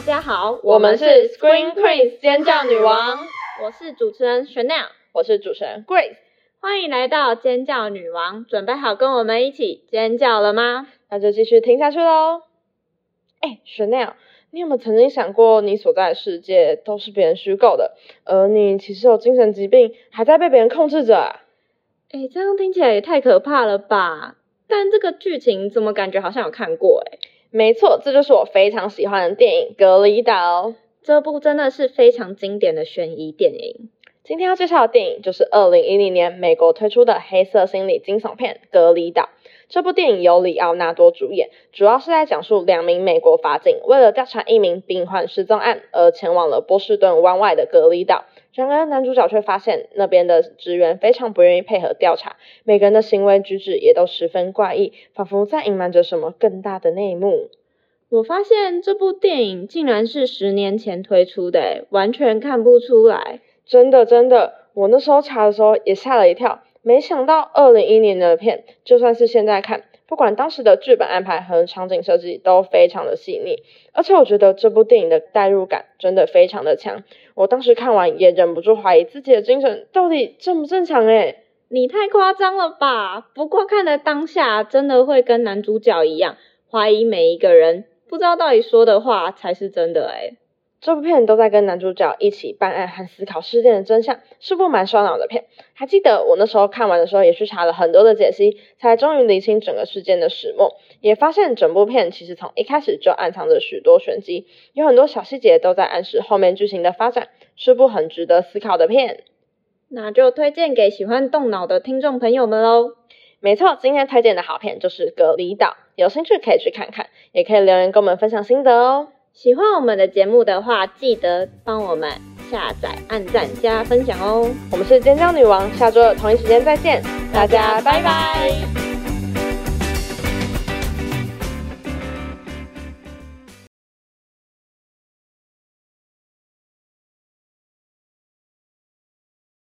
大家好，我們是 Scream Queens 尖叫女王，我是主持人 Chanel，我是主持人 Grace，歡迎來到尖叫女王，準備好跟我們一起尖叫了嗎？那就繼續聽下去嘍。哎，Chanel，你有沒有曾經想過，你所在的世界都是別人虛構的，而你其實有精神疾病，還在被別人控制着、啊？哎，這樣聽起來也太可怕了吧？但這個劇情怎麼感覺好像有看過誒？沒錯，這就是我非常喜歡的電影《隔離島》哦。這部真的是非常經典的懸疑電影。今天要介紹的電影就是二零一零年美國推出的黑色心理驚悚片《隔離島》。這部電影由李奧納多主演，主要是在講述兩名美國法警為了調查一名病患失蹤案而前往了波士頓灣外的隔離島。然而男主角卻發現那邊的職員非常不願意配合調查，每個人的行為舉止也都十分怪異，仿佛在隱瞞着什麼更大的內幕。我發現這部電影竟然是十年前推出的，完全看不出來。真的真的，我那時候查的時候也嚇了一跳，沒想到二零一零年的片，就算是現在看，不管當時的劇本安排和場景設計都非常的細膩，而且我覺得這部電影的代入感真的非常的強，我當時看完也忍不住懷疑自己的精神到底正不正常誒、欸，你太誇張了吧？不過看了當下真的會跟男主角一樣，懷疑每一個人，不知道到底說的話才是真的誒、欸。這部片都在跟男主角一起辦案和思考事件的真相，是部蠻燒腦的片。還記得我那時候看完的時候，也去查了很多的解析，才終於理清整個事件的始末，也發現整部片其實從一開始就暗藏着許多玄機，有很多小細節都在暗示後面劇情的發展，是部很值得思考的片。那就推薦給喜歡動腦的聽眾朋友們嘍。沒錯，今天推薦的好片就是《隔離島》，有興趣可以去看看，也可以留言跟我們分享心得哦。喜歡我們的節目的話，記得幫我們下載、按讚、加分享哦！我們是尖叫女王，下週的同一時間再見，大家拜拜。